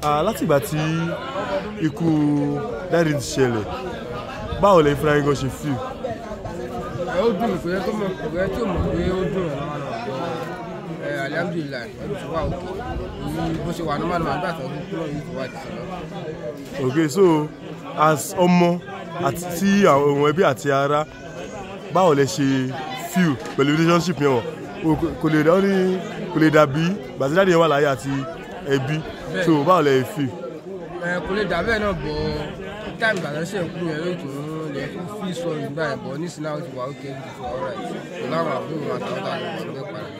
látìgbà tí ikú dáàdì ti ṣẹlẹ̀ báwo lè fúnra yín ṣe fíl. ẹ ó dùn kò yẹ kó mọ kò yẹ pé ó dùn ọ̀nà ẹ alihamudulilayi ẹ ti wá òkè ní bó ṣe wà ní màlúmà nígbà tó ń kúrò yìí tó wá ti sọ. ok so as ọmọ àti tí àwọn ẹbí àti ará báwo lè ṣe fíl pẹ̀lú relationship yẹn wọ̀ kò lè dàbí gbàtíjáde yẹn wà láyé àti ẹbí so báwo lẹ fi. ẹ kò lè dà bẹ́ẹ̀ náà bọ̀ táìmù ìgbàlá ṣe ń kú ẹ lóòótọ́ lẹ fi sọ ìgbà ẹ bọ̀ nísìnyí náà ti wà ó kẹ́ẹ́ ju ọ̀rọ̀ ẹ̀ láwọn àbúrò wọn àtàwọn àgbà ló fẹ́ parí.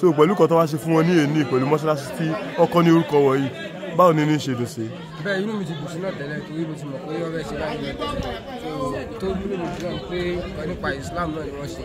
so pẹ̀lú kan tó wá ṣe fún wọn ní èní pẹ̀lú mọ́ṣáláṣí tí ọkọ ní orúkọ wọ̀nyí báwo ni ní ṣe dùn sí. bẹ́ẹ̀ inú mi ti dùn sí náà tẹ́lẹ̀ torí mo ti mọ̀ pé ọbẹ̀ ṣe láti lọ tó inú mi dùn pé nípa Islam náà ni wọ́n ṣe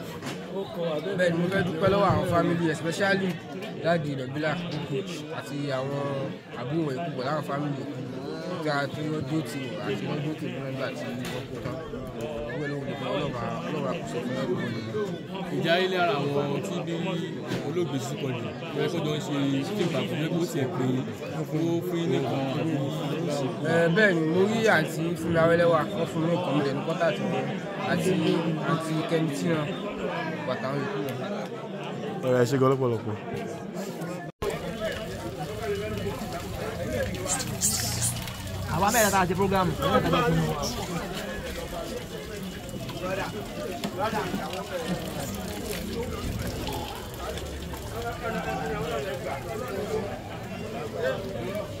bẹ́ẹ̀ ni mo fẹ́ dúpẹ́ lọ́wọ́ àwọn family especially dáàdi ìdọ̀bílà coach àti àwọn àbúrò ìkúbọ̀ láwọn family ìkúbọ̀ tí wọ́n dúró ti wọ̀ àti wọ́n dúró ti wọ́n nígbà tí wọ́n kó tán ìwé ló ń gbé ọlọ́ba ọlọ́ba kò sọ fún ẹ̀kọ́ yìí. ìjà ilé ara àwọn tí bí olóògbé sí pọ̀jù ẹ̀kọ́ jọ ń ṣe fíìmù àbúrò ẹ̀kọ́ tiẹ̀ pé ó fún yín nìkan bẹ́ẹ̀ ni mo rí àǹtí Fúnmiláwẹ́lẹ́wà wọ́n fún mi nǹkan mílẹ̀ ní kọ́tà tó wọ́n àti àǹtí Kẹ́mitì náà bàtà wọn yòókù wọn. ọ̀rẹ́ ẹ ṣe gan lọ́pọ̀lọpọ̀. àwa mẹ́rin tá a ṣe programu ẹ̀rọ Thank you.